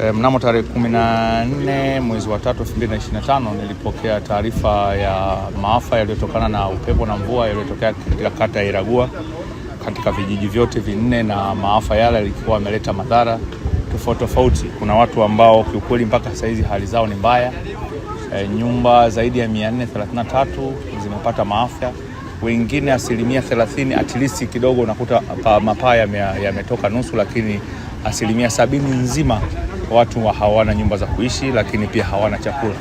E, mnamo tarehe 14 mwezi wa 3 2025 nilipokea taarifa ya maafa yaliyotokana na upepo na mvua yaliyotokea katika kata ya Iragua katika vijiji vyote vinne, na maafa yale yalikuwa yameleta madhara tofauti tofauti. Kuna watu ambao kiukweli mpaka sasa hizi hali zao ni mbaya. E, nyumba zaidi ya 433 zimepata maafa, wengine asilimia 30, at least kidogo unakuta mapaa yametoka nusu, lakini asilimia sabini nzima watu wa hawana nyumba za kuishi, lakini pia hawana chakula.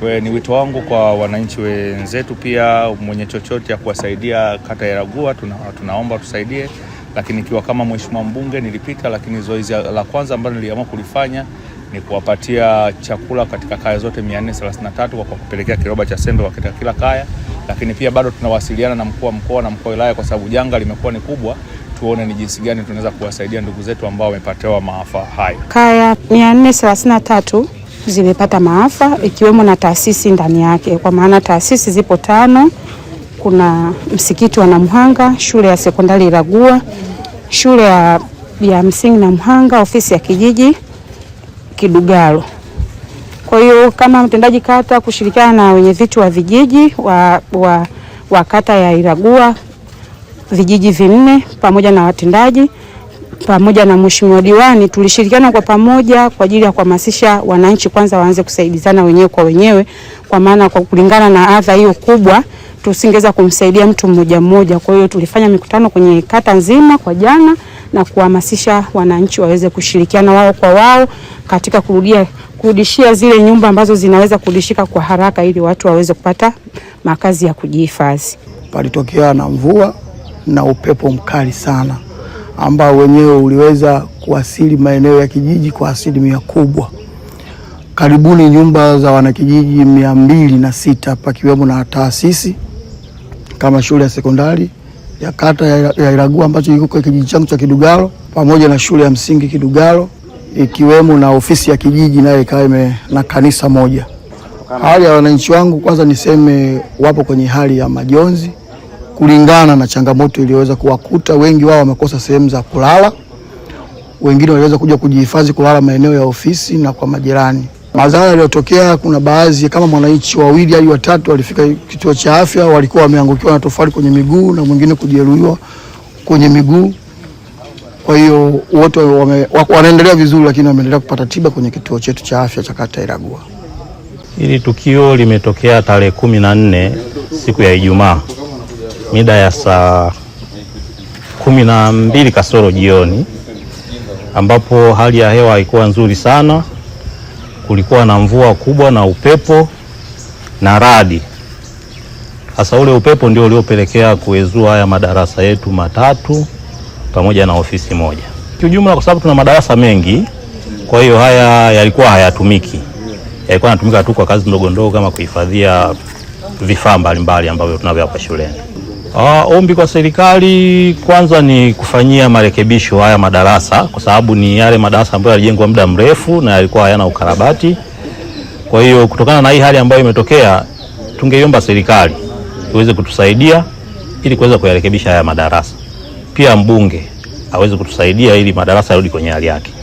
Kwa ni wito wangu kwa wananchi wenzetu, pia mwenye chochote ya kuwasaidia kata ya ragua tuna, tunaomba tusaidie. Lakini ikiwa kama mheshimiwa mbunge nilipita, lakini zoezi la kwanza ambalo niliamua kulifanya ni kuwapatia chakula katika kaya zote 433 kwa kupelekea kiroba cha sembe katika kila kaya, lakini pia bado tunawasiliana na mkuu wa mkoa na mkoa wa wilaya, kwa sababu janga limekuwa ni kubwa tuone ni jinsi gani tunaweza kuwasaidia ndugu zetu ambao wamepatewa maafa hayo. Kaya 433 zimepata maafa ikiwemo na taasisi ndani yake, kwa maana taasisi zipo tano. Kuna msikiti wa Namhanga, shule ya sekondari Iragua, shule ya, ya msingi Namhanga, ofisi ya kijiji Kidugalo. Kwa hiyo kama mtendaji kata kushirikiana na wenye viti wa vijiji wa, wa, wa kata ya Iragua vijiji vinne pamoja na watendaji pamoja na mheshimiwa diwani tulishirikiana kwa pamoja kwa ajili ya kuhamasisha wananchi kwanza waanze kusaidizana wenyewe kwa wenyewe, kwa maana kwa kulingana na adha hiyo kubwa tusingeweza kumsaidia mtu mmoja mmoja. Kwa hiyo tulifanya mikutano kwenye kata nzima kwa jana na kuhamasisha wananchi waweze kushirikiana wao kwa wao katika kurudia kurudishia zile nyumba ambazo zinaweza kurudishika kwa haraka ili watu waweze kupata makazi ya kujihifadhi. Palitokea na mvua na upepo mkali sana ambao wenyewe uliweza kuasili maeneo ya kijiji kwa asilimia kubwa. Karibuni nyumba za wanakijiji mia mbili na sita pakiwemo na taasisi kama shule ya sekondari ya kata ya Iragua ambacho iko kwa kijiji changu cha Kidugalo pamoja na shule ya msingi Kidugalo ikiwemo na ofisi ya kijiji nayo ikawa na kanisa moja. Hali ya wananchi wangu, kwanza niseme wapo kwenye hali ya majonzi kulingana na changamoto iliyoweza kuwakuta. Wengi wao wamekosa sehemu za kulala, wengine waliweza kuja kujihifadhi kulala maeneo ya ofisi na kwa majirani. Madhara yaliyotokea, kuna baadhi kama mwananchi wawili hadi watatu walifika kituo cha afya, walikuwa wameangukiwa na tofali kwenye miguu na mwingine kujeruhiwa kwenye miguu. Kwa hiyo wote wanaendelea vizuri, lakini wameendelea kupata tiba kwenye kituo chetu cha afya cha kata Iragua. Hili tukio limetokea tarehe kumi na nne siku ya Ijumaa mida ya saa kumi na mbili kasoro jioni, ambapo hali ya hewa haikuwa nzuri sana. Kulikuwa na mvua kubwa na upepo na radi. hasa ule upepo ndio uliopelekea kuwezua haya madarasa yetu matatu pamoja na ofisi moja kiujumla, kwa sababu tuna madarasa mengi. Kwa hiyo haya yalikuwa hayatumiki, yalikuwa yanatumika tu kwa kazi ndogo ndogo kama kuhifadhia vifaa mbalimbali ambavyo tunavyo hapa shuleni. Uh, ombi kwa serikali kwanza ni kufanyia marekebisho haya madarasa kwa sababu ni yale madarasa ambayo yalijengwa muda mrefu na yalikuwa hayana ukarabati. Kwa hiyo kutokana na hii hali ambayo imetokea, tungeiomba serikali iweze kutusaidia ili kuweza kuyarekebisha haya madarasa. Pia mbunge aweze kutusaidia ili madarasa yarudi kwenye hali yake.